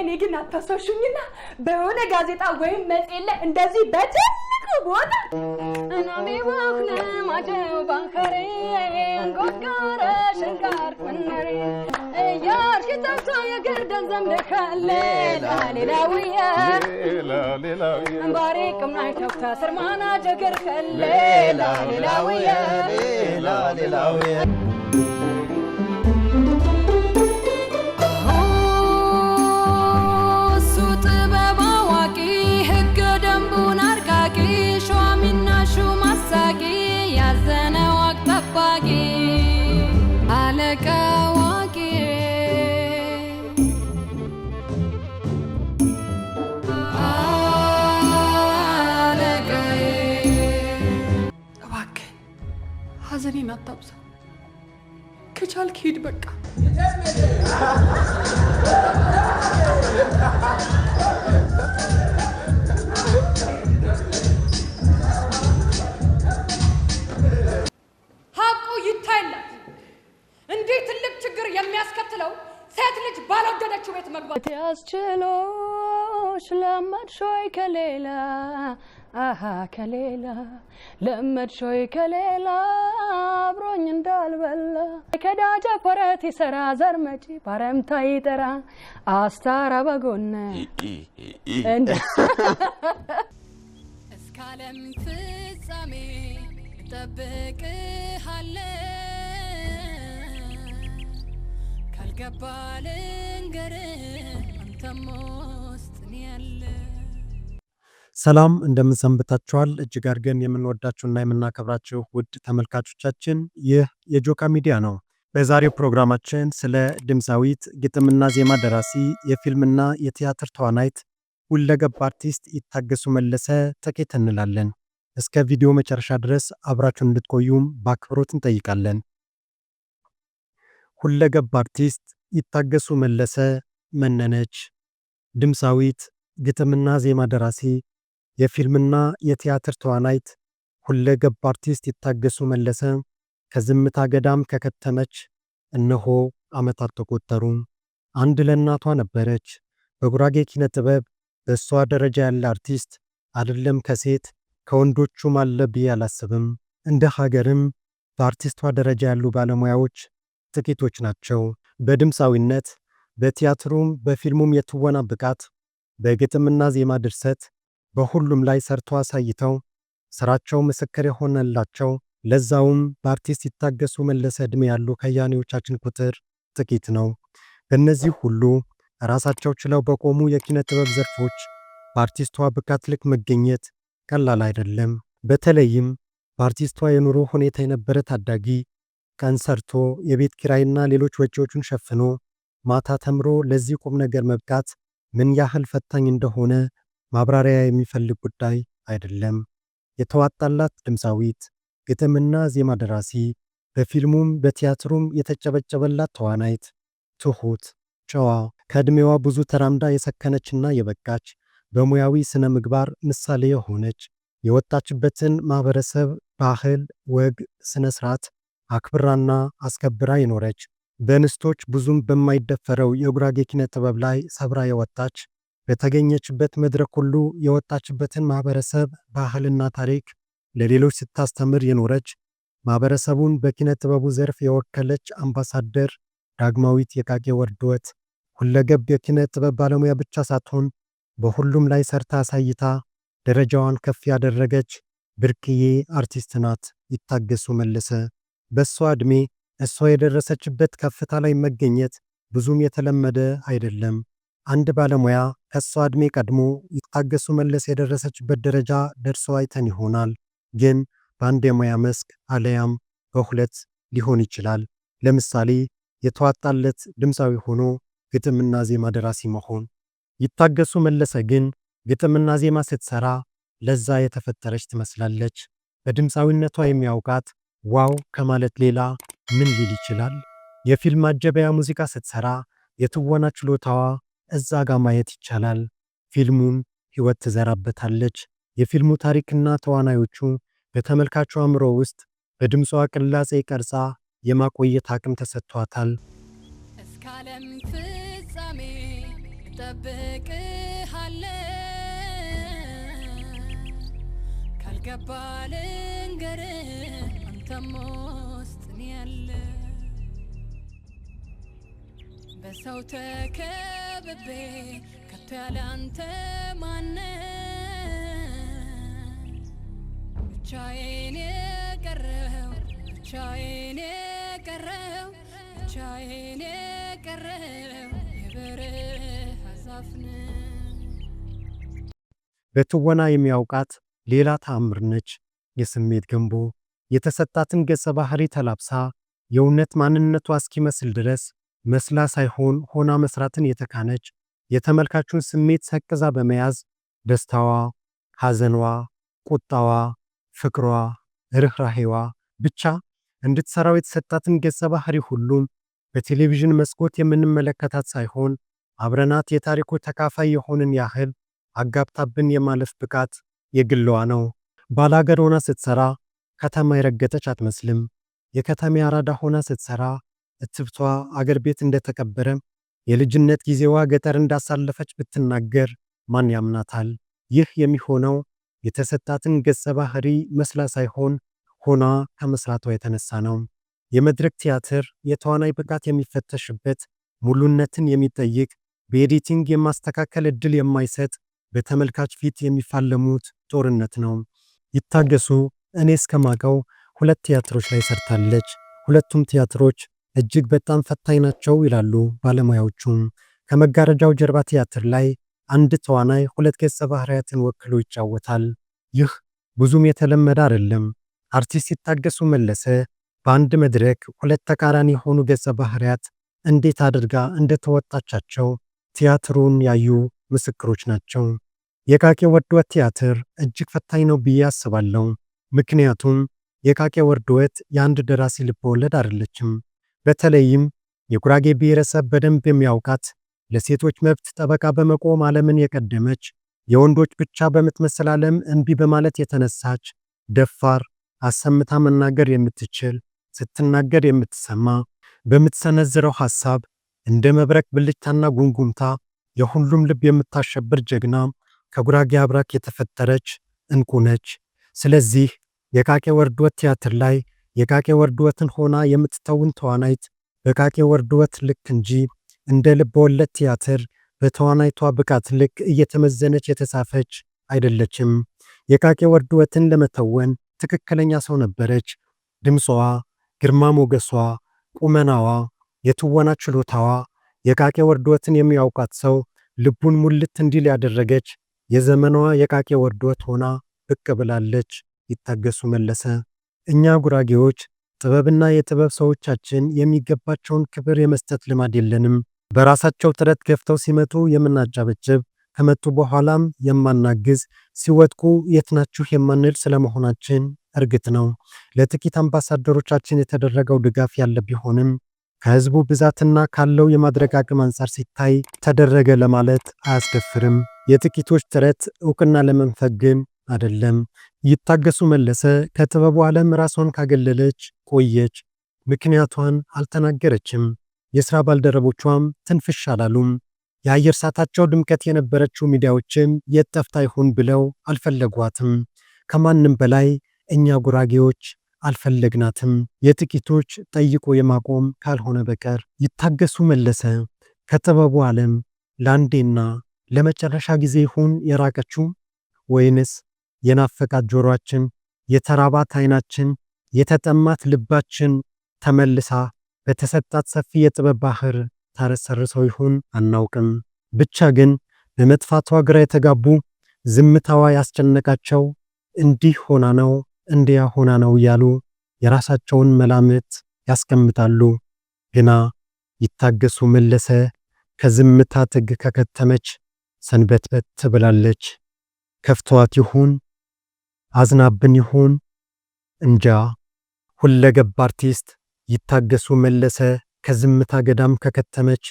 እኔ ግን አታሳሹኝና በሆነ ጋዜጣ ወይም መጽሔት ላይ እንደዚህ በትልቁ ቦታ እናሜ ባክነ ማጀው ባንከሬ ጎጋረ ሽንጋር ኩነሬ እያርሽ ጠብቶ የግር ደንዘም ደካለ ላሌላውየ እምባሬ ቅምናይ ተብታ ስርማና ጀገር ከለ ላሌላውየ ላሌላውየ እኔን አታብዛ። ከቻልክ ሂድ በቃ። አሃ ከሌላ ለመድሾይ ከሌላ አብሮኝ እንዳልበላ ከዳጃ ፈረት ይሰራ ዘር መጪ ባረምታ ይጠራ አስታራ በጎነ እስከ ፍጻሜ እጠብቅሃለሁ ካልገባ ልንገርህ አንተሞ ሰላም እንደምን ሰንብታችኋል? እጅግ አድርገን የምንወዳችሁና የምናከብራችሁ ውድ ተመልካቾቻችን ይህ የጆካ ሚዲያ ነው። በዛሬው ፕሮግራማችን ስለ ድምፃዊት፣ ግጥምና ዜማ ደራሲ፣ የፊልምና የቲያትር ተዋናይት፣ ሁለገብ አርቲስት ይታገሱ መለሰ ጥቂት እንላለን። እስከ ቪዲዮ መጨረሻ ድረስ አብራችሁን እንድትቆዩም በአክብሮት እንጠይቃለን። ሁለገብ አርቲስት ይታገሱ መለሰ መነነች፣ ድምፃዊት፣ ግጥምና ዜማ ደራሲ የፊልምና የቲያትር ተዋናይት ሁለ ገብ አርቲስት ይታገሱ መለሰ ከዝምታ ገዳም ከከተመች እነሆ ዓመታት ተቆጠሩ። አንድ ለእናቷ ነበረች። በጉራጌ ኪነ ጥበብ በእሷ ደረጃ ያለ አርቲስት አይደለም ከሴት ከወንዶቹም አለ ብዬ አላስብም። እንደ ሀገርም በአርቲስቷ ደረጃ ያሉ ባለሙያዎች ጥቂቶች ናቸው። በድምፃዊነት በቲያትሩም በፊልሙም የትወና ብቃት በግጥምና ዜማ ድርሰት በሁሉም ላይ ሰርቶ አሳይተው ስራቸው ምስክር የሆነላቸው ለዛውም በአርቲስት ይታገሱ መለሰ ዕድሜ ያሉ ከያኔዎቻችን ቁጥር ጥቂት ነው። በእነዚህ ሁሉ ራሳቸው ችለው በቆሙ የኪነ ጥበብ ዘርፎች በአርቲስቷ ብቃት ልክ መገኘት ቀላል አይደለም። በተለይም በአርቲስቷ የኑሮ ሁኔታ የነበረ ታዳጊ ቀን ሰርቶ የቤት ኪራይና ሌሎች ወጪዎቹን ሸፍኖ ማታ ተምሮ ለዚህ ቁም ነገር መብቃት ምን ያህል ፈታኝ እንደሆነ ማብራሪያ የሚፈልግ ጉዳይ አይደለም። የተዋጣላት ድምፃዊት፣ ግጥምና ዜማ ደራሲ፣ በፊልሙም በቲያትሩም የተጨበጨበላት ተዋናይት፣ ትሁት፣ ጨዋ፣ ከዕድሜዋ ብዙ ተራምዳ የሰከነችና የበቃች በሙያዊ ስነ ምግባር ምሳሌ የሆነች የወጣችበትን ማህበረሰብ ባህል፣ ወግ፣ ስነ ስርዓት አክብራና አስከብራ የኖረች በንስቶች ብዙም በማይደፈረው የጉራጌ ኪነ ጥበብ ላይ ሰብራ የወጣች በተገኘችበት መድረክ ሁሉ የወጣችበትን ማህበረሰብ ባህልና ታሪክ ለሌሎች ስታስተምር የኖረች ማህበረሰቡን በኪነ ጥበቡ ዘርፍ የወከለች አምባሳደር ዳግማዊት የቃቄ ወርድወት ሁለገብ የኪነ ጥበብ ባለሙያ ብቻ ሳትሆን በሁሉም ላይ ሰርታ አሳይታ ደረጃዋን ከፍ ያደረገች ብርቅዬ አርቲስት ናት። ይታገሱ መለሰ በእሷ ዕድሜ እሷ የደረሰችበት ከፍታ ላይ መገኘት ብዙም የተለመደ አይደለም። አንድ ባለሙያ ከእሷ ዕድሜ ቀድሞ ይታገሱ መለስ የደረሰችበት ደረጃ ደርሶ አይተን ይሆናል። ግን በአንድ የሙያ መስክ አለያም በሁለት ሊሆን ይችላል። ለምሳሌ የተዋጣለት ድምፃዊ ሆኖ ግጥምና ዜማ ደራሲ መሆን። ይታገሱ መለሰ ግን ግጥምና ዜማ ስትሰራ ለዛ የተፈጠረች ትመስላለች። በድምፃዊነቷ የሚያውቃት ዋው ከማለት ሌላ ምን ሊል ይችላል? የፊልም ማጀበያ ሙዚቃ ስትሰራ የትወና ችሎታዋ እዛ ጋር ማየት ይቻላል። ፊልሙን ህይወት ትዘራበታለች። የፊልሙ ታሪክና ተዋናዮቹ በተመልካቹ አእምሮ ውስጥ በድምጿ ቅላጼ ቀርጻ የማቆየት አቅም ተሰጥቷታል። እስከ ዓለም ፍጻሜ እጠብቅሃለሁ፣ ካልገባ ልንገርህ አንተም ውስጥ እኔ በሰው ተከ ከብቤ ከቶ ያለ አንተ ማነ ብቻዬን የቀረው ብቻዬን የቀረው ብቻዬን የቀረው የበረሃ ዛፍ በትወና የሚያውቃት ሌላ ተአምር ነች። የስሜት ገንቦ የተሰጣትን ገጸ ባህሪ ተላብሳ የእውነት ማንነቷ እስኪመስል ድረስ መስላ ሳይሆን ሆና መስራትን የተካነች የተመልካቹን ስሜት ሰቅዛ በመያዝ ደስታዋ፣ ሐዘኗ፣ ቁጣዋ፣ ፍቅሯ፣ ርኅራሄዋ ብቻ እንድትሰራው የተሰጣትን ገጸ ባህሪ ሁሉም በቴሌቪዥን መስኮት የምንመለከታት ሳይሆን አብረናት የታሪኩ ተካፋይ የሆንን ያህል አጋብታብን የማለፍ ብቃት የግለዋ ነው። ባላገር ሆና ስትሰራ ከተማ የረገጠች አትመስልም። የከተማ አራዳ ሆና ስትሰራ እትብቷ አገር ቤት እንደተቀበረ የልጅነት ጊዜዋ ገጠር እንዳሳለፈች ብትናገር ማን ያምናታል? ይህ የሚሆነው የተሰጣትን ገጸ ባህሪ መስላ ሳይሆን ሆና ከመስራቷ የተነሳ ነው። የመድረክ ቲያትር የተዋናይ ብቃት የሚፈተሽበት፣ ሙሉነትን የሚጠይቅ፣ በኤዲቲንግ የማስተካከል ዕድል የማይሰጥ፣ በተመልካች ፊት የሚፋለሙት ጦርነት ነው። ይታገሱ እኔ እስከማቀው ሁለት ቲያትሮች ላይ ሰርታለች። ሁለቱም ቲያትሮች እጅግ በጣም ፈታኝ ናቸው ይላሉ ባለሙያዎቹ። ከመጋረጃው ጀርባ ቲያትር ላይ አንድ ተዋናይ ሁለት ገጸ ባህሪያትን ወክሎ ይጫወታል። ይህ ብዙም የተለመደ አይደለም። አርቲስት ሲታገሱ መለሰ በአንድ መድረክ ሁለት ተቃራኒ የሆኑ ገጸ ባህሪያት እንዴት አድርጋ እንደተወጣቻቸው ቲያትሩን ያዩ ምስክሮች ናቸው። የቃቄ ወርድወት ቲያትር እጅግ ፈታኝ ነው ብዬ አስባለሁ። ምክንያቱም የቃቄ ወርድወት የአንድ ደራሲ ልብ ወለድ አይደለችም። በተለይም የጉራጌ ብሔረሰብ በደንብ የሚያውቃት ለሴቶች መብት ጠበቃ በመቆም ዓለምን የቀደመች የወንዶች ብቻ በምትመስል ዓለም እምቢ በማለት የተነሳች ደፋር፣ አሰምታ መናገር የምትችል ስትናገር የምትሰማ በምትሰነዝረው ሐሳብ እንደ መብረቅ ብልጭታና ጉንጉምታ የሁሉም ልብ የምታሸብር ጀግና ከጉራጌ አብራክ የተፈጠረች እንቁ ነች። ስለዚህ የቃቄ ወርዶት ቲያትር ላይ የቃቄ ወርድወትን ሆና የምትተውን ተዋናይት በቃቄ ወርድወት ልክ እንጂ እንደ ልብ ወለድ ቲያትር በተዋናይቷ ብቃት ልክ እየተመዘነች የተጻፈች አይደለችም። የቃቄ ወርድወትን ለመተወን ትክክለኛ ሰው ነበረች። ድምፅዋ፣ ግርማ ሞገሷ፣ ቁመናዋ፣ የትወና ችሎታዋ የቃቄ ወርድወትን የሚያውቃት ሰው ልቡን ሙልት እንዲል ያደረገች የዘመኗ የቃቄ ወርድወት ሆና ብቅ ብላለች። ይታገሱ መለሰ እኛ ጉራጌዎች ጥበብና የጥበብ ሰዎቻችን የሚገባቸውን ክብር የመስጠት ልማድ የለንም። በራሳቸው ጥረት ገፍተው ሲመጡ የምናጨበጭብ ከመጡ በኋላም የማናግዝ ሲወድቁ የት ናችሁ የማንል ስለመሆናችን እርግጥ ነው። ለጥቂት አምባሳደሮቻችን የተደረገው ድጋፍ ያለ ቢሆንም ከህዝቡ ብዛትና ካለው የማድረግ አቅም አንጻር ሲታይ ተደረገ ለማለት አያስደፍርም። የጥቂቶች ጥረት እውቅና ለመንፈግም አደለም። ይታገሱ መለሰ ከጥበቡ ዓለም ራሷን ካገለለች ቆየች። ምክንያቷን አልተናገረችም። የሥራ ባልደረቦቿም ትንፍሽ አላሉም። የአየር ሰዓታቸው ድምቀት የነበረችው ሚዲያዎችም የት ጠፍታ ይሆን ብለው አልፈለጓትም። ከማንም በላይ እኛ ጉራጌዎች አልፈለግናትም። የጥቂቶች ጠይቆ የማቆም ካልሆነ በቀር። ይታገሱ መለሰ ከጥበቡ ዓለም ለአንዴና ለመጨረሻ ጊዜ ይሆን የራቀችው ወይንስ የናፈቃት ጆሮአችን፣ የተራባት አይናችን፣ የተጠማት ልባችን ተመልሳ በተሰጣት ሰፊ የጥበብ ባህር ታረሰርሰው ይሆን አናውቅም። ብቻ ግን በመጥፋቷ ግራ የተጋቡ ዝምታዋ ያስጨነቃቸው እንዲህ ሆና ነው እንዲያ ሆና ነው እያሉ የራሳቸውን መላምት ያስቀምጣሉ። ግና ይታገሱ መለሰ ከዝምታ ጥግ ከከተመች ሰንበትበት ትብላለች። ከፍቷት ይሁን አዝናብን ይሆን እንጃ። ሁለገብ አርቲስት ይታገሱ መለሰ ከዝምታ ገዳም ከከተመች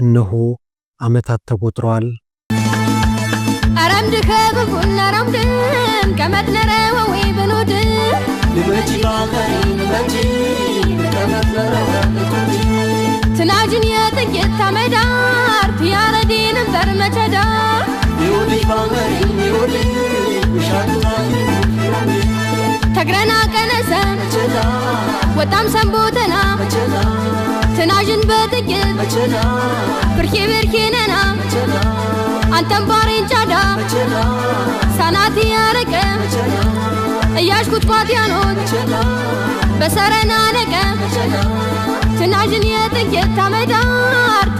እነሆ ዓመታት ተቆጥሯል። አረምድ ከብቡና ረምድም ከመትነረ ወይ ብኑድም ትናጅን የጥጌታ መዳር ትያረዴንም በርመቸዳ ይሁዲ ባኸሪ ይሁዲ ውሻ ተግረና ቀነሰን ወጣም ሰንቦተና ትናዥን በጥቂት ብርኬ ብርኬነና አንተን ባሬን ጫዳ ሳናት ያረቀ እያሽ ኩትኳት ያኖት በሰረና ነቀ ትናዥን የጥቂት ታመዳር